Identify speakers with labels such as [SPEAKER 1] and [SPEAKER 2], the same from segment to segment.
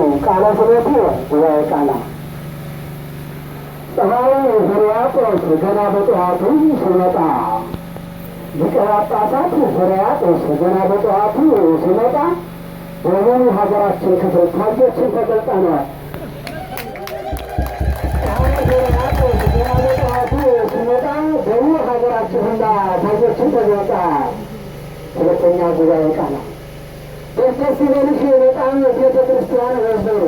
[SPEAKER 1] ነው። ቃላ ስለት ጉባኤ ቃላ ፀሐይ ሕርያቆስ ገና በጠዋቱ ሲመጣ ሊቀ ጳጳሳት ሕርያቆስ ገና በጠዋቱ ሲመጣ በሙሉ ሀገራችን ክፍል ታጆችን ተገልጠነ ሀገራችን ሁላ ታጆችን ተገልጣ ሁለተኛ ጉባኤ ቃላ ደስ ይበልሽ በጣም ቤተ ክርስቲያን ወይዘሮ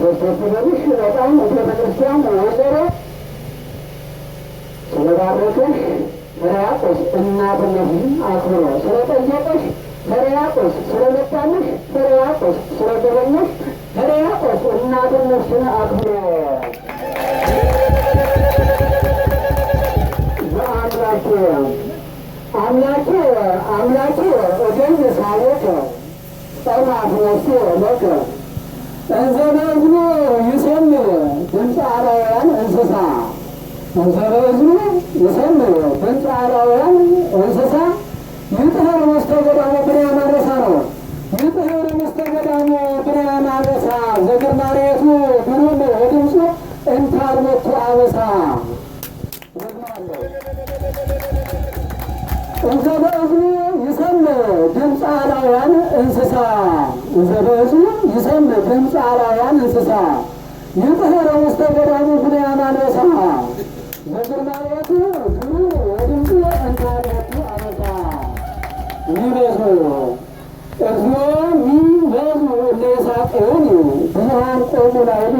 [SPEAKER 1] ደስ ይበልሽ በጣም ቤተ ክርስቲያን ወይዘሮ ስለባረከሽ ሕርያቆስ እናትነትሽን አክብሮ ስለጠየቀሽ ሕርያቆስ ስለመጣልሽ ሕርያቆስ ስለገበኘሽ ሕርያቆስ እናትነትሽን አክብሮ አምላኬ አምላኬ አምላኬ እገኝ ሳሌት ጸናሁ ለከ አራውያን እንስሳ አራውያን እንስሳ ይጥህር ነው። ይጥህር ዘግር ማሬቱ ወድምፁ እንታርመቱ አበሳ ድምፃላውያን እንስሳ ዘበዙ ይሰም ድምፃላውያን እንስሳ ይጥህረ ውስተ ገዳሙ ጉዳያና ነሳ በግርማቱ ግሩ ወድምፁ እንታሪያቱ አበዛ ሚበዙ እግዚኦ ሚበዙ እለይሳቅን ብዙሃን ቆሙ ላይሉ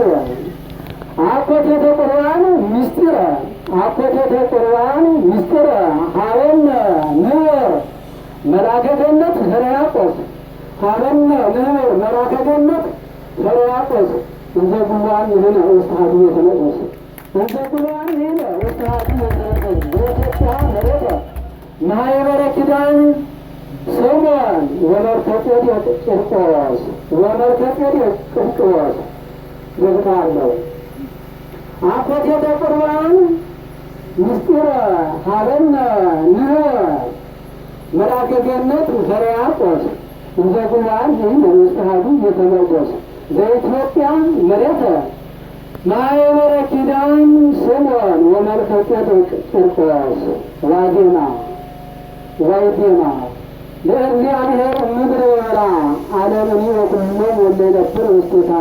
[SPEAKER 1] አኮቴተ ቁርባን ምስጢረ አኮቴተ ቁርባን ምስጢረ ሀበነ ንበር መልአከ ገነት ሕርያቆስ ሀበነ ንህብ መልአከ ገነት ሕርያቆስ እንዘ ጉባኤ ይህነ ውስጥ ሀዱ የተመቅደስ እንዘ ጉባኤ ይህነ ውስጥ ሀዱ የተመቅደስ በኢትዮጵያ መሬተ ማህበረ ኪዳን ስምዖን ወመልከጼዴቅ ቂርቆስ ወመልከጼዴቅ ቂርቆስ ግብታ አለው አኮቴተ ቁርባን ምስጢረ ሀበነ ንህብ መልአከ ገነት ዘርዓ ያዕቆብ እንዘጉባአርዚ መንግሥተሃዱ ቤተመቅደስ ዘኢትዮጵያ መሬተ ማኅበረ ኪዳን ስምዖን ወመልከ ጼዴቅ ቂርቆስ ዋዜማ ዋይዜማ ለእግዚአብሔር ምድር ወራ ዓለምን ወኩሎም ወለነብር ውስቴታ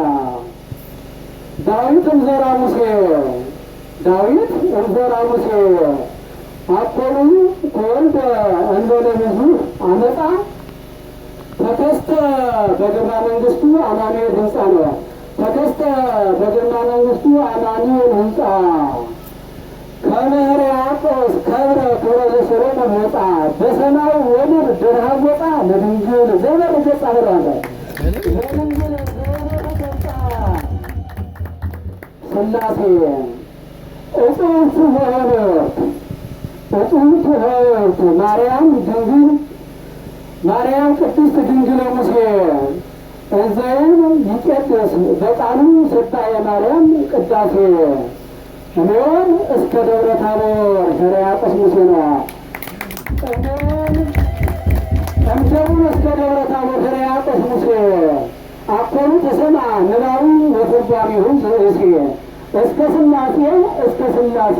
[SPEAKER 1] ዳዊት እንዘራ ሙሴ ዳዊት እንዘራ ሙሴ አኮኑ ከወልደ እንበለ ብዙ አመጣ ተከስተ በግርማ መንግስቱ አማኑኤል ህንፃ ነው። ተከስተ በግርማ መንግስቱ አማኑኤል ህንፃ ከመህርያቆስ ከብረ ክብረ ሰሎሞን ወጣ በሰማይ ወድር ድርሃብ ወጣ ለድንግል ዘበር ገጻ ብለዋለ ለድንግል ዘበር ገጻ ስላሴ እጽፍ ሆኖ በጥንት ኅብረት ማርያም ድንግል ማርያም ቅድስት ድንግል ሙሴ እንዘይም ይቀደስ በቃሉ ስባየ የማርያም ቅዳሴ ሚሆን እስከ ደብረ ታቦር ሕርያቆስ ሙሴ ነዋ። እምደቡን እስከ ደብረ ታቦር ሕርያቆስ ሙሴ አኮኑ ተሰማ ንባቡ ወትርጓሜሁ ዘእሴ እስከ ስላሴ እስከ ስላሴ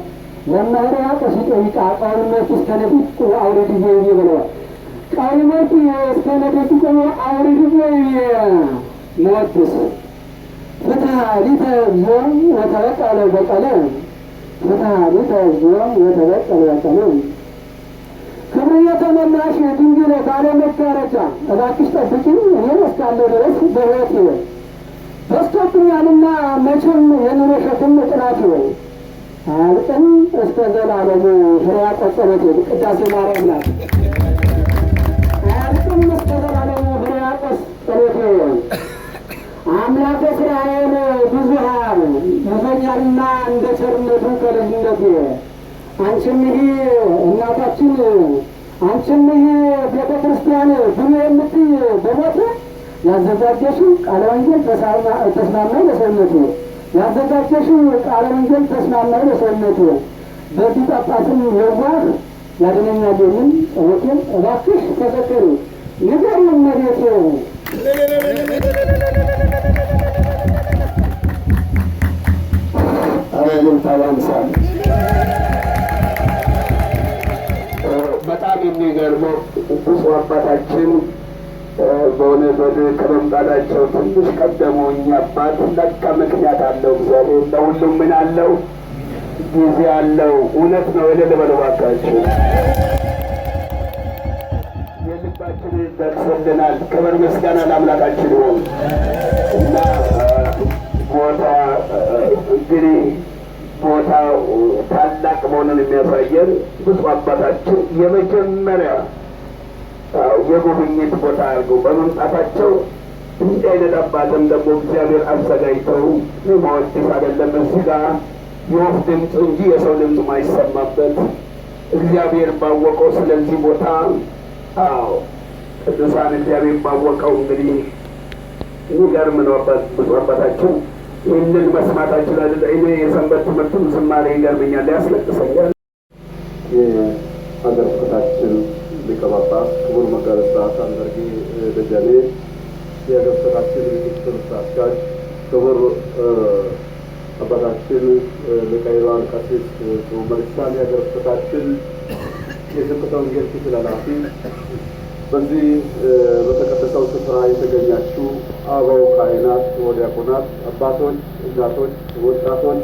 [SPEAKER 1] መምህር ቀሲጦ ይቃ ቀውልመቱ እስከ ነጥቁ አውርድዬ ብለዋል። ቀውልመቱ እስከ ነጥቁ አውርድዬ መወድስ ፍትሐ ሊተ ወተበቀለ በቀለ ፍትሐ ሊተ ወተበቀለ በቀለ ክብር የተመላሽ ድንግል ባለ መጋረጃ እባክሽ ጠብቂኝ፣ እኔ እስካለሁ ድረስ በሕይወት ይወል በስቶብኛልና መቼም የኑሮ ሸክም ጥናት ይወል አልቅም እስከ ዘላለሙ ፍሬ ያቆጠበት ቅዳሴ ማርያም ናት። አልቅም እስከ ዘላለሙ ፍሬ ያቆጠበት አምላከ እስራኤል ብዙሃን ይፈኛልና እንደ ቸርነቱ ከልጅነት አንቺም ይህ እናታችን አንቺም ይህ ቤተ ክርስቲያን ብሉ የምትይ በሞት ያዘጋጀሽው ቃለ ወንጌል ተስማማኝ ለሰውነቱ ያዘጋጀሽ ቃለ ወንጌል ተስማማኝ ለሰውነቱ በዚህ ጳጳስን የዋህ ያድነኛል የሚል ጸሎቴን እባክሽ ተዘከሪ ንገሪ እመቤቴ።
[SPEAKER 2] በጣም የሚገርመው ቅዱስ አባታችን በእውነት ወደ ከመምጣታቸው ትንሽ ቀደሙኝ አባት ለካ ምክንያት አለው። እግዚአብሔር ለሁሉም ምን አለው? ጊዜ አለው። እውነት ነው። እልል በሉ የልባችን ደርሶልናል። ክብር ምስጋና ለአምላካችን ይሆን እና ቦታ እንግዲህ ቦታ ታላቅ መሆኑን የሚያሳየን ብዙ አባታችን የመጀመሪያ የጉብኝት ቦታ አድርገው በመምጣታቸው እንዲህ አይነት አባትም ደግሞ እግዚአብሔር አዘጋጅተው ማወደስ አይደለም። እዚህ ጋር የወፍ ድምፅ እንጂ የሰው ድምፅ ማይሰማበት እግዚአብሔር ባወቀው ስለዚህ ቦታ አዎ ቅዱሳን እግዚአብሔር ባወቀው እንግዲህ የሚገርም ነው። አባት ብፁዕ አባታችን ይህንን መስማታችን አይደል? እኔ የሰንበት ትምህርቱን ዝማሬ ይገርመኛል፣ ያስለቅሰኛል።
[SPEAKER 3] የሀገር ፍቅራችን ሊቀ ጳጳስ ክቡር መጋቤ አንደርጊ አንዳርጌ ደጀኔ፣ የገበታችን ምክትል ስራ አስኪያጅ ክቡር አባታችን ሊቀ ሕያዋን ቀሲስ ጽዮን መርሳን፣ የገበታችን የስብከተ ወንጌል ክፍል ኃላፊ፣ በዚህ በተቀደሰው ስፍራ የተገኛችሁ አበው ካህናት፣ ወዲያቆናት፣ አባቶች፣ እናቶች፣ ወጣቶች፣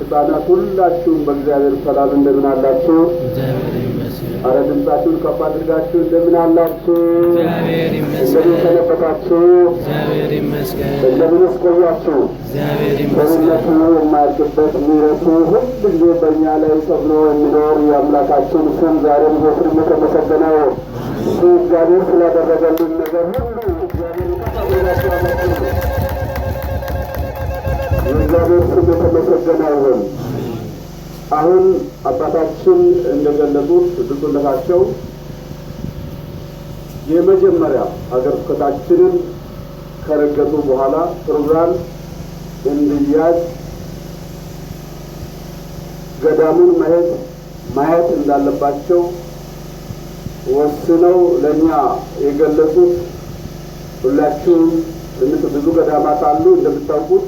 [SPEAKER 3] ህጻናት ሁላችሁም በእግዚአብሔር ሰላም እንደምን አላችሁ? አረ ድምጻችሁን ከፍ አድርጋችሁ እንደምን አላችሁ? እንደምን ሰነበታችሁ? እንደምን ስቆያችሁ? በእምነቱ የማያልቅበት ምሕረቱ ሁል ጊዜ በእኛ ላይ ጸብሎ የሚኖር የአምላካችን ስም ዛሬም ዘወትር የተመሰገነው እሱ እግዚአብሔር ስላደረገልን ነገር ሁሉ እግዚአብሔር ስም የተመሰገነ ይሁን። አሁን አባታችን እንደገለጹት ብፁዕነታቸው የመጀመሪያ ሀገር ስብከታችንን ከረገጡ በኋላ ፕሮግራም እንዲያዝ ገዳሙን ማየት ማየት እንዳለባቸው ወስነው ለእኛ የገለጹት ሁላችሁም ብዙ ገዳማት አሉ እንደምታውቁት፣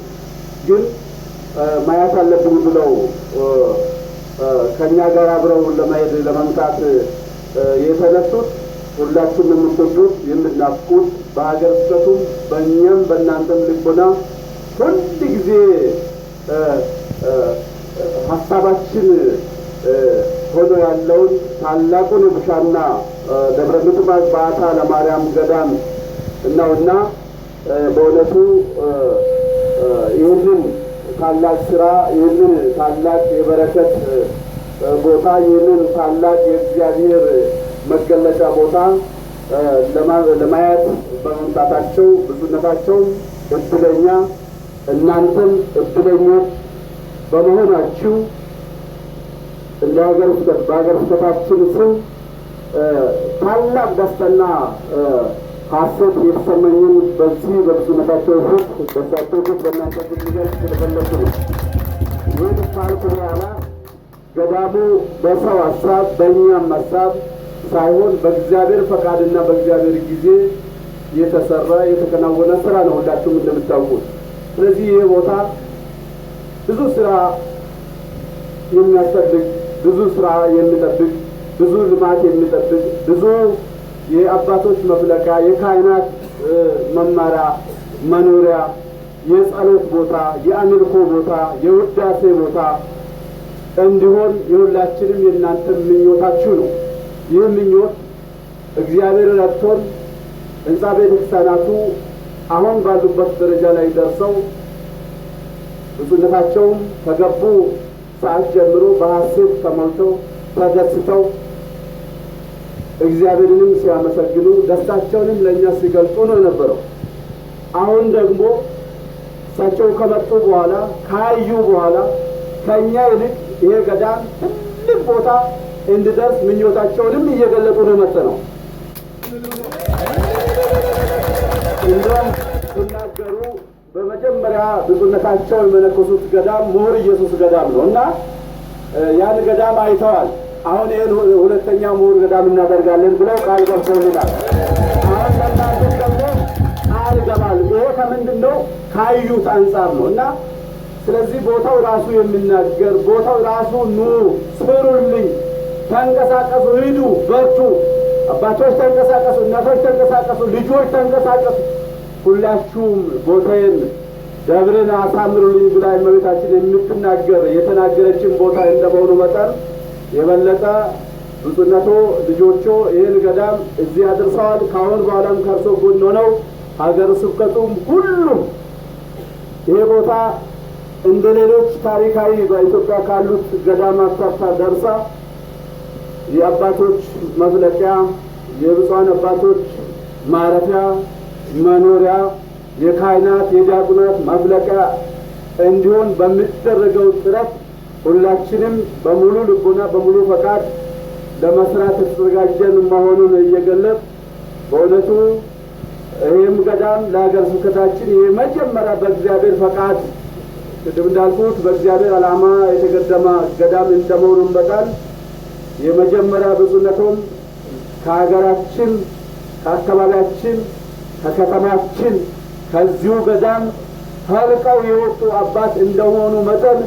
[SPEAKER 3] ግን ማየት አለብን ብለው ከእኛ ጋር አብረው ለመሄድ ለመምጣት የተነሱት ሁላችሁም የምትወዱት የምናፍቁት በሀገር ስተቱም በእኛም በእናንተም ልቦና ሁል ጊዜ ሀሳባችን ሆኖ ያለውን ታላቁን የቡሻና ደብረ ምጥማቅ በአታ ለማርያም ገዳም እናውና በእውነቱ ይህንን ታላቅ ስራ ይህንን ታላቅ የበረከት ቦታ ይህንን ታላቅ የእግዚአብሔር መገለጫ ቦታ ለማየት በመምጣታቸው ብዙነታቸው እድለኛ እናንተም እድለኞች በመሆናችሁ እንደ ሀገር ስብከት በሀገር ስብከታችን ስም ታላቅ ደስታና ሀሰት የተሰመኝን በዚህ በብፁዕነታቸው ፊት በሳቸው ፊት በእናንተ ፊት ሊገልጽ ስለፈለኩ ነው። ይህ ካልኩ በኋላ ገዳሙ በሰው ሀሳብ በእኛም ሀሳብ ሳይሆን በእግዚአብሔር ፈቃድና በእግዚአብሔር ጊዜ የተሰራ የተከናወነ ስራ ነው፣ ሁላችሁም እንደምታውቁት። ስለዚህ ይህ ቦታ ብዙ ስራ የሚያስጠብቅ ብዙ ስራ የሚጠብቅ ብዙ ልማት የሚጠብቅ ብዙ የአባቶች መፍለቃ፣ የካህናት መማሪያ መኖሪያ፣ የጸሎት ቦታ፣ የአምልኮ ቦታ፣ የውዳሴ ቦታ እንዲሆን የሁላችንም የእናንተም ምኞታችሁ ነው። ይህ ምኞት እግዚአብሔር ረድቶን ህንፃ ቤተክርስቲያናቱ አሁን ባሉበት ደረጃ ላይ ደርሰው ብፁዕነታቸውም ከገቡ ሰዓት ጀምሮ በሐሴት ተሞልተው ተደስተው እግዚአብሔርንም ሲያመሰግኑ ደስታቸውንም ለእኛ ሲገልጡ ነው የነበረው። አሁን ደግሞ እሳቸው ከመጡ በኋላ ካዩ በኋላ ከእኛ ይልቅ ይሄ ገዳም ትልቅ ቦታ እንዲደርስ ምኞታቸውንም እየገለጡ ነው መጥ ነው እንደም ስናገሩ በመጀመሪያ ብፁዕነታቸው የመነኮሱት ገዳም ምሁር ኢየሱስ ገዳም ነው እና ያን ገዳም አይተዋል። አሁን ይህን ሁለተኛ ምሁር ገዳም እናደርጋለን ብለው ቃል ገብተውልናል። አሁን ለእናንተ ደግሞ ቃል ገባል። ይሄ ከምንድን ነው? ካዩት አንጻር ነው እና ስለዚህ ቦታው ራሱ የሚናገር ቦታው ራሱ ኑ ስሩልኝ፣ ተንቀሳቀሱ፣ ሂዱ፣ በርቱ፣ አባቶች ተንቀሳቀሱ፣ እናቶች ተንቀሳቀሱ፣ ልጆች ተንቀሳቀሱ፣ ሁላችሁም ቦታዬን ደብርን አሳምሩልኝ ብላ እመቤታችን የምትናገር የተናገረችን ቦታ እንደመሆኑ መጠን የበለጠ ብፁዕነቶ ልጆቹ ይህን ገዳም እዚህ አድርሰዋል። ከአሁን በኋላም ከእርሶ ጎን ሆነው ሀገር ስብከቱም ሁሉም ይሄ ቦታ እንደ ሌሎች ታሪካዊ በኢትዮጵያ ካሉት ገዳማት ተርታ ደርሳ የአባቶች መፍለቂያ፣ የብፁዓን አባቶች ማረፊያ መኖሪያ፣ የካህናት የዲያቆናት መፍለቂያ እንዲሆን በሚደረገው ጥረት ሁላችንም በሙሉ ልቡና በሙሉ ፈቃድ ለመስራት የተዘጋጀን መሆኑን እየገለጽ በእውነቱ ይህም ገዳም ለሀገር ስብከታችን ይህ መጀመሪያ በእግዚአብሔር ፈቃድ ቅድም እንዳልኩት በእግዚአብሔር ዓላማ የተገደመ ገዳም እንደመሆኑ መጠን የመጀመሪያ ብፁዕነቱም ከሀገራችን፣ ከአካባቢያችን፣ ከከተማችን ከዚሁ ገዳም ፈልቀው የወጡ አባት እንደመሆኑ መጠን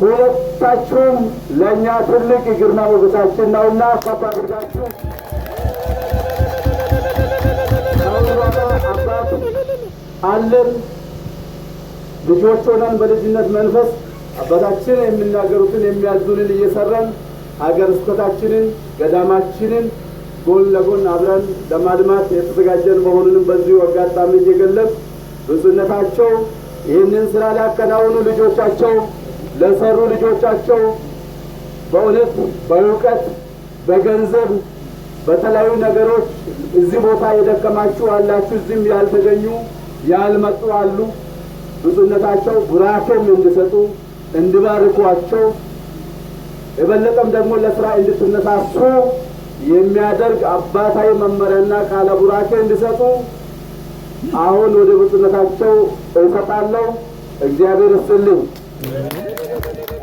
[SPEAKER 3] ሁለታችሁም ለእኛ ትልቅ የግርማ ሞገሳችን ነውና ከፍ አድርጋችሁ አባት አለን ልጆች ሆነን በልጅነት መንፈስ አባታችን የሚናገሩትን የሚያዙንን እየሰራን ሀገር ስብከታችንን ገዳማችንን ጎን ለጎን አብረን ለማልማት የተዘጋጀን መሆኑንም በዚሁ አጋጣሚ እየገለጽ ብፁዕነታቸው ይህንን ስራ ሊያከናውኑ ልጆቻቸው ለሰሩ ልጆቻቸው በእውነት በእውቀት በገንዘብ በተለያዩ ነገሮች እዚህ ቦታ የደከማችሁ አላችሁ፣ እዚህም ያልተገኙ ያልመጡ አሉ። ብፁዕነታቸው ቡራኬም እንዲሰጡ እንዲባርኳቸው፣ የበለጠም ደግሞ ለስራ እንድትነሳሱ የሚያደርግ አባታዊ መመሪያና ቃለ ቡራኬ እንዲሰጡ አሁን ወደ ብፁዕነታቸው እሰጣለሁ። እግዚአብሔር ይስጥልኝ። Thank you.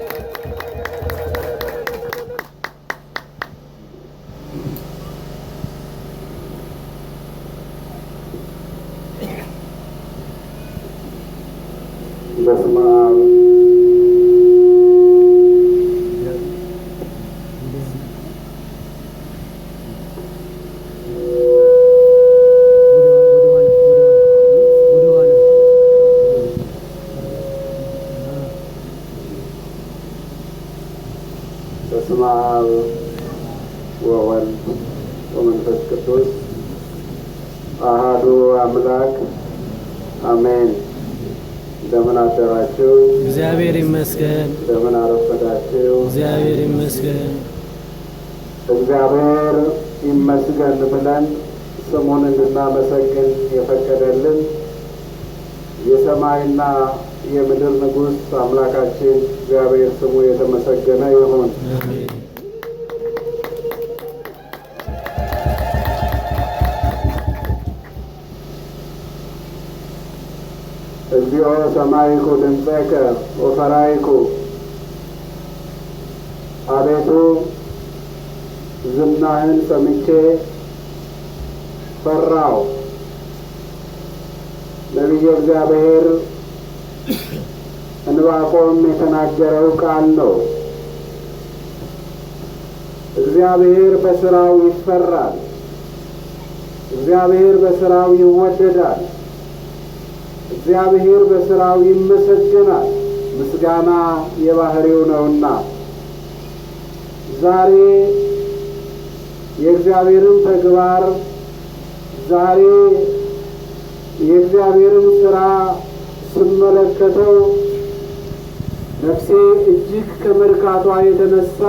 [SPEAKER 4] የሰማይና የምድር ንጉሥ አምላካችን እግዚአብሔር ስሙ የተመሰገነ ይሁን። እግዚኦ ሰማይኩ ድምፀከ ወፈራይኩ፣ አቤቱ ዝናህን ሰምቼ ፈራው። ነቢየ እግዚአብሔር እንባቆም የተናገረው ቃል ነው። እግዚአብሔር በስራው ይፈራል። እግዚአብሔር በስራው ይወደዳል። እግዚአብሔር በስራው ይመሰገናል፣ ምስጋና የባህሪው ነውና። ዛሬ የእግዚአብሔርን ተግባር ዛሬ የእግዚአብሔርን ስራ ስመለከተው ነፍሴ እጅግ ከመርካቷ የተነሳ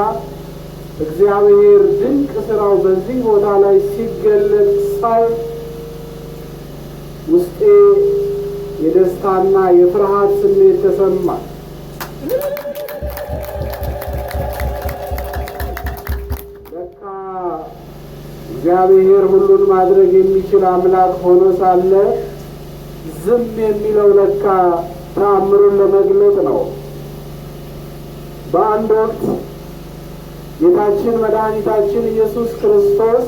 [SPEAKER 4] እግዚአብሔር ድንቅ ስራው በዚህ ቦታ ላይ ሲገለጽ ሳይ ውስጤ የደስታና የፍርሃት ስሜት ተሰማ። ለካ እግዚአብሔር ሁሉን ማድረግ የሚችል አምላክ ሆኖ ሳለ ዝም የሚለው ለካ ተአምሩን ለመግለጥ ነው። በአንድ ወቅት ጌታችን መድኃኒታችን ኢየሱስ ክርስቶስ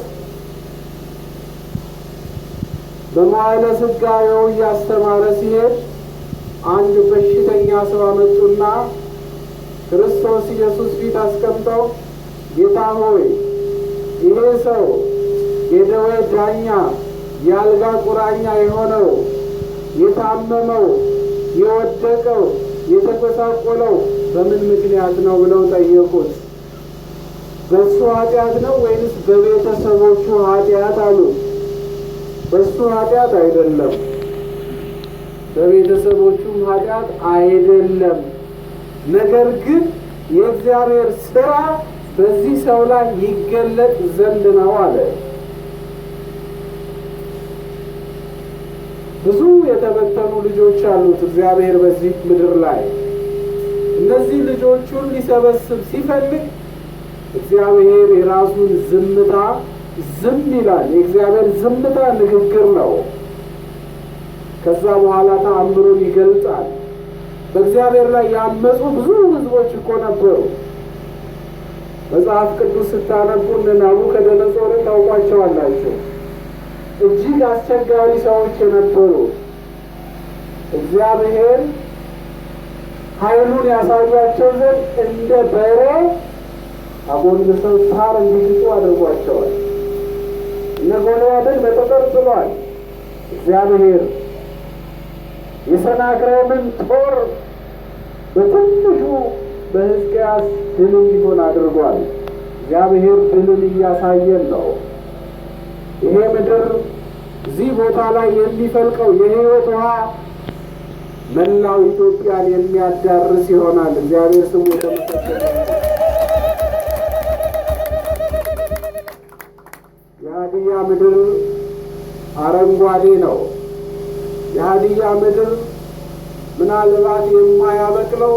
[SPEAKER 4] በመዋዕለ ሥጋዌው እያስተማረ ሲሄድ አንድ በሽተኛ ሰው አመጡና ክርስቶስ ኢየሱስ ፊት አስቀምጠው ጌታ ሆይ ይሄ ሰው የደዌ ዳኛ የአልጋ ቁራኛ የሆነው የታመመው፣ የወደቀው፣ የተጎሳቆለው በምን ምክንያት ነው ብለው ጠየቁት። በእሱ ኃጢአት ነው ወይንስ በቤተሰቦቹ ኃጢአት አሉ። በእሱ ኃጢአት አይደለም፣ በቤተሰቦቹም ኃጢአት አይደለም። ነገር ግን የእግዚአብሔር ስራ በዚህ ሰው ላይ ይገለጥ ዘንድ ነው አለ። ብዙ የተበተኑ ልጆች አሉት እግዚአብሔር በዚህ ምድር ላይ። እነዚህ ልጆቹን ሊሰበስብ ሲፈልግ እግዚአብሔር የራሱን ዝምታ ዝም ይላል። የእግዚአብሔር ዝምታ ንግግር ነው። ከዛ በኋላ ተአምሩን ይገልጻል። በእግዚአብሔር ላይ ያመፁ ብዙ ህዝቦች እኮ ነበሩ። መጽሐፍ ቅዱስ ስታነቡ እነ ናቡከደነጾርን ታውቋቸዋላቸው እጅግ አስቸጋሪ ሰዎች የነበሩ እግዚአብሔር ኃይሉን ያሳያቸው ዘንድ እንደ በሬ አጎንብሰው ሳር እንዲግጡ አድርጓቸዋል። እነ ጎልያድን በጠጠር ጥሏል። እግዚአብሔር የሰናክሬምን ጦር በትንሹ በሕዝቅያስ ድል እንዲሆን አድርጓል። እግዚአብሔር ድልን እያሳየን ነው። ይሄ ምድር እዚህ ቦታ ላይ የሚፈልቀው የህይወት ውሃ መላው ኢትዮጵያን የሚያዳርስ ይሆናል። እግዚአብሔር ስሙ የተመሰገነ። የሀዲያ ምድር አረንጓዴ ነው። የሀዲያ ምድር ምናልባት የማያበቅለው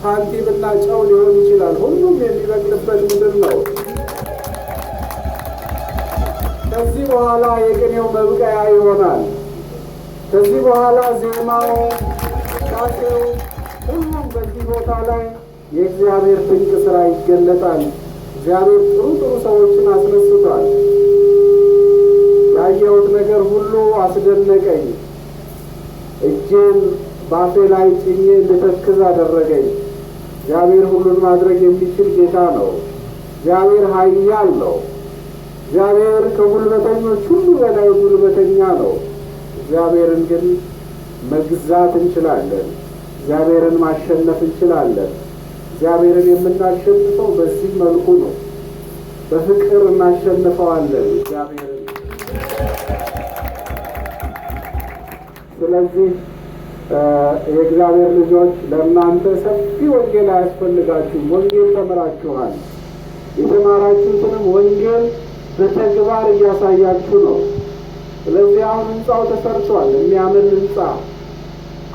[SPEAKER 4] ሳንቲምና ጨው ሊሆን ይችላል። ሁሉም የሚበቅልበት ምድር ነው። ከዚህ በኋላ የቅኔው መብቀያ ይሆናል። ከዚህ በኋላ ዜማው፣ ቃሴው፣ ሁሉም በዚህ ቦታ ላይ የእግዚአብሔር ድንቅ ሥራ ይገለጣል። እግዚአብሔር ጥሩ ጥሩ ሰዎችን አስነስቷል። ያየሁት ነገር ሁሉ አስደነቀኝ። እጄን ባፌ ላይ ጭኜ እንድተክዝ አደረገኝ። እግዚአብሔር ሁሉን ማድረግ የሚችል ጌታ ነው። እግዚአብሔር ኃያል ነው። እግዚአብሔር ከጉልበተኞች ሁሉ በላይ ጉልበተኛ ነው። እግዚአብሔርን ግን መግዛት እንችላለን። እግዚአብሔርን ማሸነፍ እንችላለን። እግዚአብሔርን የምናሸንፈው በዚህ መልኩ ነው። በፍቅር እናሸንፈዋለን እግዚአብሔርን። ስለዚህ የእግዚአብሔር ልጆች ለእናንተ ሰፊ ወንጌል አያስፈልጋችሁም። ወንጌል ተምራችኋል። የተማራችሁትንም ወንጌል በተግባር እያሳያችሁ ነው። ስለዚህ አሁን ህንፃው ተሰርቷል። የሚያምር ህንፃ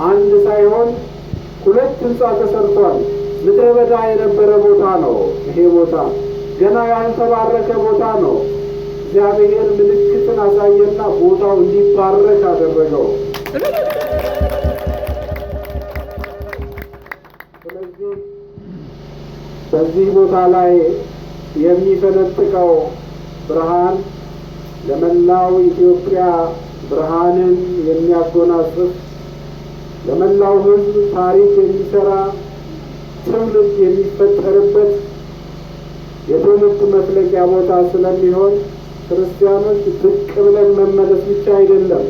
[SPEAKER 4] አንድ ሳይሆን ሁለት ህንፃ ተሰርቷል። ምድረ በዳ የነበረ ቦታ ነው። ይሄ ቦታ ገና ያልተባረከ ቦታ ነው። እግዚአብሔር ምልክትን አሳየና ቦታው እንዲባረክ አደረገው። ስለዚህ በዚህ ቦታ ላይ የሚፈነጥቀው ብርሃን ለመላው ኢትዮጵያ ብርሃንን የሚያጎናጽፍ ለመላው ሕዝብ ታሪክ የሚሰራ ትውልድ የሚፈጠርበት የትውልድ መፍለቂያ ቦታ ስለሚሆን ክርስቲያኖች ዝቅ ብለን መመለስ ብቻ አይደለም፣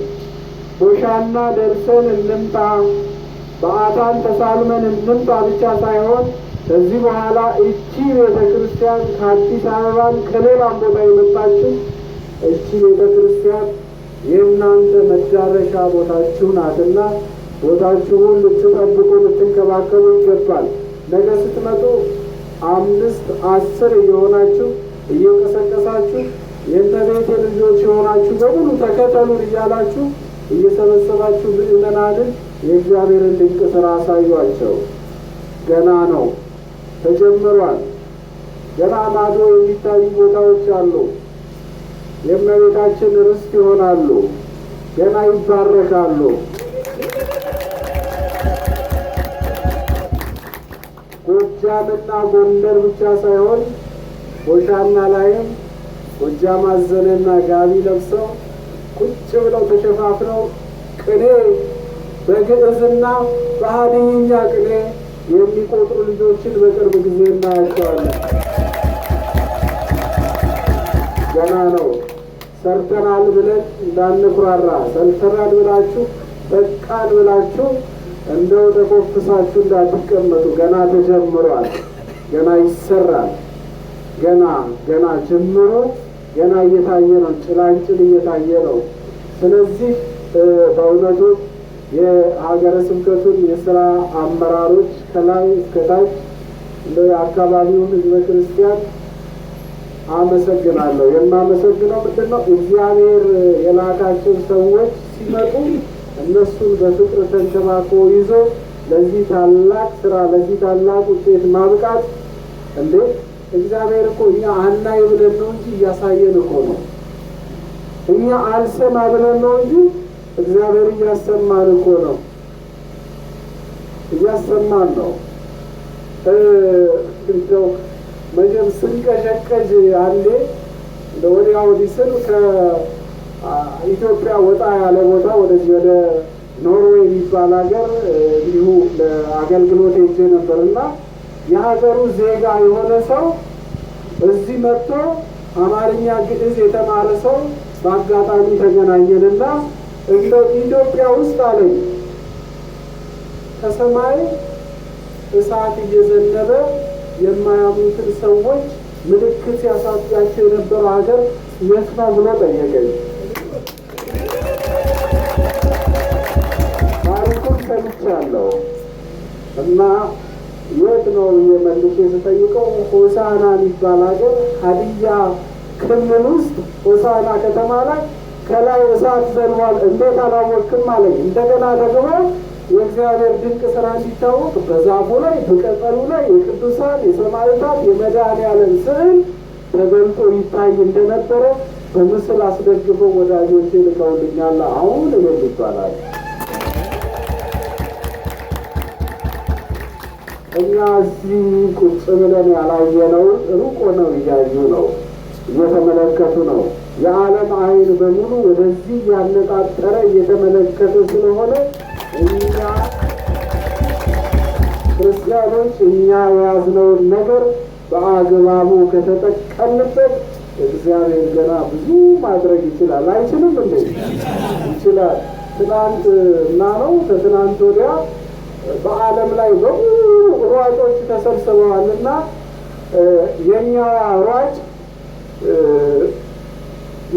[SPEAKER 4] ቦሻና ደርሰን እንምጣ፣ በአታን ተሳልመን እንምጣ ብቻ ሳይሆን ከዚህ በኋላ እቺ ቤተ ክርስቲያን ከአዲስ አበባን ከሌላም ቦታ የመጣችው እቺ ቤተ ክርስቲያን የእናንተ መዳረሻ ቦታችሁ ናትና ቦታችሁን ልትጠብቁ ልትንከባከቡ ይገባል። ነገ ስትመጡ አምስት አስር እየሆናችሁ እየቀሰቀሳችሁ የእነ ልጆች የሆናችሁ በሙሉ ተከተሉን እያላችሁ እየሰበሰባችሁ ምዕመናንን የእግዚአብሔርን ድንቅ ስራ አሳዩአቸው። ገና ነው። ተጀምሯል። ገና ማዶ የሚታዩ ቦታዎች አሉ። የእመቤታችን ርስት ይሆናሉ። ገና ይባረካሉ። ጎጃምና ጎንደር ብቻ ሳይሆን ሆሻና ላይም ጎጃም አዘነና ጋቢ ለብሰው ቁጭ ብለው ተሸፋፍነው ቅኔ በግዕዝና በሀዲይኛ ቅኔ የሚቆጥሩ ልጆችን በቅርብ ጊዜ እናያቸዋለን። ገና ነው። ሰርተናል ብለን እንዳንኩራራ፣ ሰርተናል ብላችሁ በቃን ብላችሁ እንደው ተኮፍሳችሁ እንዳትቀመጡ። ገና ተጀምሯል። ገና ይሰራል። ገና ገና ጀምሮ ገና እየታየ ነው። ጭላንጭል እየታየ ነው። ስለዚህ በእውነቱ የሀገረ ስብከቱን የስራ አመራሮች ከላይ እስከታች ለአካባቢውን ህዝበ ክርስቲያን አመሰግናለሁ። የማመሰግነው ምንድን ነው? እግዚአብሔር የላካቸው ሰዎች ሲመጡ እነሱን በፍቅር ተንከባክቦ ይዞ ለዚህ ታላቅ ስራ ለዚህ ታላቅ ውጤት ማብቃት እንዴ እግዚአብሔር እኮ እኛ አናይ ብለን ነው እንጂ እያሳየን እኮ ነው። እኛ አልሰማ ብለን ነው እንጂ እግዚአብሔር እያሰማን እኮ ነው፣ እያሰማን ነው። እንደው መቼም ስንቀዠቀዥ አንዴ ወዲያ ወዲህ ስል ከኢትዮጵያ ወጣ ያለ ቦታ ወደዚህ ወደ ኖርዌይ የሚባል ሀገር እንዲሁ ለአገልግሎት ሄጄ ነበር እና የሀገሩ ዜጋ የሆነ ሰው እዚህ መጥቶ አማርኛ ግዕዝ የተማረ ሰው በአጋጣሚ ተገናኘንና ኢትዮጵያ ውስጥ አለኝ ከሰማይ እሳት እየዘነበ የማያምኑትን ሰዎች ምልክት ያሳያቸው የነበረው ሀገር የት ነው ብሎ ጠየቀኝ። ታሪኩን ሰምቻለሁ እና የት ነው የመልኬ የተጠይቀው ሆሳና የሚባል ሀገር ሀዲያ ክልል ውስጥ ሆሳና ከተማ ላይ ከላይ እሳት በልቧል እንዴት አላወቅም አለኝ። እንደገና ደግሞ የእግዚአብሔር ድንቅ ስራ እንዲታወቅ በዛፉ ላይ በቅጠሉ ላይ የቅዱሳን የሰማዕታት የመድኃኔዓለም ስዕል ተገልጦ ይታይ እንደነበረ በምስል አስደግፎ ወዳጆች ልከውልኛል። አሁን እበል ይባላል። እኛ እዚህ ቁጭ ብለን ያላየነው ሩቆ ነው፣ እያዩ ነው፣ እየተመለከቱ ነው። የዓለም አይን በሙሉ ወደዚህ ያነጣጠረ እየተመለከተ ስለሆነ እኛ ክርስቲያኖች እኛ የያዝነውን ነገር በአግባቡ ከተጠቀምበት እግዚአብሔር ገና ብዙ ማድረግ ይችላል። አይችልም እንዴ? ይችላል። ትናንት እና ነው ከትናንት ወዲያ በዓለም ላይ በሙሉ ሯጮች ተሰብስበዋል እና የእኛ ሯጭ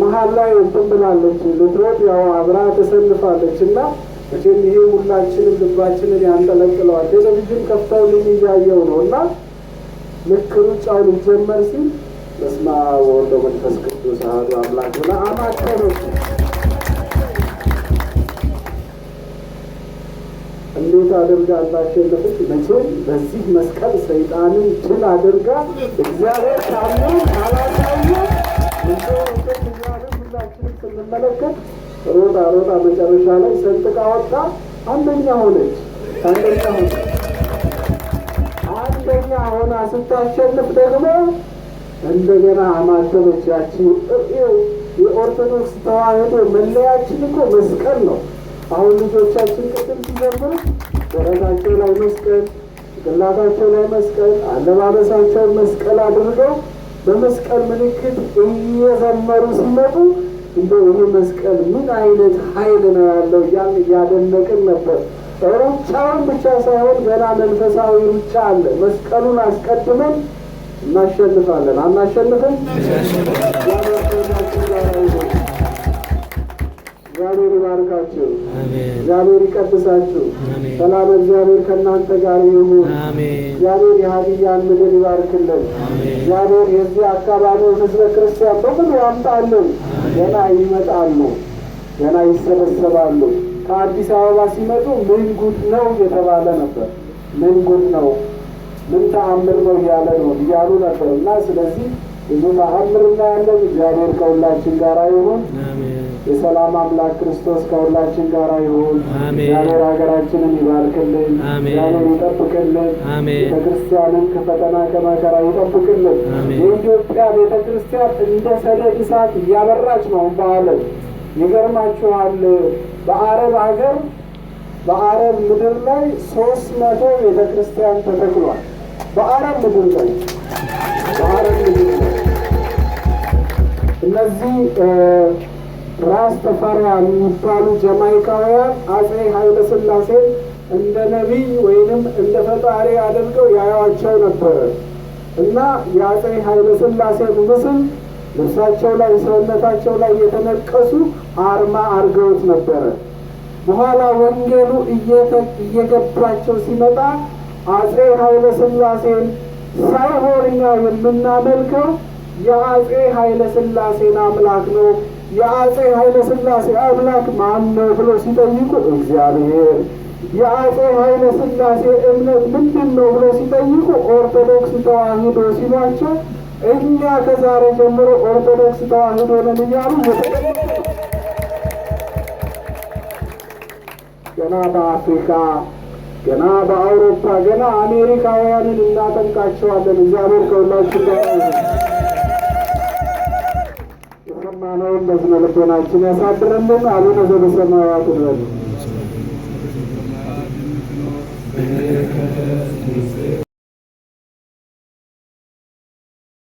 [SPEAKER 4] መሀል ላይ እንትን ብላለች፣ ልትሮጥ ያው አብራ ተሰልፋለች እና እችም ይሄ ሁላችንም ልባችንን ያንጠለቅለዋል። ቴሌቪዥን ከፍተው ልኝ እያየው ነው እና ልክ ሩጫው ሊጀመር ሲል በስመ አብ ወወልድ ወመንፈስ ቅዱስ አሐዱ አምላክ ብላ አማከረች። እንዴት አድርጋ እንዳሸነፈች መቼም በዚህ መስቀል ሰይጣንን ድል አድርጋ እግዚአብሔር ታምሩን አላሳየ ሁላችንም ስንመለከት ሮጣ ሮጣ መጨረሻ ላይ ሰንጥቃ ወጣ፣ አንደኛ ሆነች። አንደኛ ሆነ አንደኛ ሆና ስታሸንፍ ደግሞ እንደገና አማተበች። ያቺ የኦርቶዶክስ ተዋህዶ መለያችን እኮ መስቀል ነው። አሁን ልጆቻችን ቅድም ሲዘምሩ ደረታቸው ላይ መስቀል፣ ቅላታቸው ላይ መስቀል፣ አለባበሳቸውን መስቀል አድርገው በመስቀል ምልክት እየዘመሩ ሲመጡ እንደ ይህ መስቀል ምን አይነት ኃይል ነው ያለው እያልን እያደነቅን ነበር። ሩጫውን ብቻ ሳይሆን ገና መንፈሳዊ ሩጫ አለ። መስቀሉን አስቀድመን እናሸንፋለን። አናሸንፍም? እግዚአብሔር ይባርካችሁ፣ እግዚአብሔር ይቀድሳችሁ። ሰላም እግዚአብሔር ከእናንተ ጋር ይሁን። እግዚአብሔር የሀዲያን ምድር ይባርክልን። እግዚአብሔር የዚህ አካባቢ ህዝበ ክርስቲያን በሙሉ ያምጣልን። ገና ይመጣሉ፣ ገና ይሰበሰባሉ። ከአዲስ አበባ ሲመጡ ምን ጉድ ነው የተባለ ነበር። ምን ጉድ ነው፣ ምን ተአምር ነው እያለ ነው እያሉ ነበር እና ስለዚህ ብዙ ተአምር እናያለን። እግዚአብሔር ከሁላችን ጋር ይሁን። የሰላም አምላክ ክርስቶስ ከሁላችን ጋር ይሁን። እግዚአብሔር ሀገራችንን ይባርክልን፣ እግዚአብሔር ይጠብቅልን፣ ቤተ ክርስቲያንን ከፈተና ከመከራ ይጠብቅልን። የኢትዮጵያ ቤተ ክርስቲያን እንደ ሰደድ እሳት እያበራች ነው በዓለም። ይገርማችኋል፣ በአረብ ሀገር በአረብ ምድር ላይ ሶስት መቶ ቤተ ክርስቲያን ተተክሏል። በአረብ ምድር ላይ በአረብ ምድር ላይ እነዚህ ራስ ተፈሪያ የሚባሉ ጀማይካውያን አጼ ኃይለ ስላሴ እንደ ነቢይ ወይንም እንደ ፈጣሪ አድርገው ያዩዋቸው ነበረ እና የአጼ ኃይለ ስላሴን ምስል ልብሳቸው ላይ ሰውነታቸው ላይ የተነቀሱ አርማ አድርገውት ነበረ። በኋላ ወንጌሉ እየገባቸው ሲመጣ አጼ ኃይለ ስላሴን ሳይሆን እኛ የምናመልከው የአጼ ኃይለ ስላሴን አምላክ ነው የአፄ ኃይለ ሥላሴ አምላክ ማን ነው ብሎ ሲጠይቁ እግዚአብሔር። የአፄ ኃይለ ሥላሴ እምነት ምንድን ነው ብሎ ሲጠይቁ ኦርቶዶክስ ተዋህዶ ሲሏቸው እኛ ከዛሬ ጀምሮ ኦርቶዶክስ ተዋህዶ ነን እያሉ ገና በአፍሪካ ገና በአውሮፓ ገና አሜሪካውያንን እናጠምቃቸዋለን። እግዚአብሔር ከሁላችን ጋር የሰማነውን በስነ ልቦናችን ያሳድርልን። አቡነ ዘበሰማያት ይትበሉ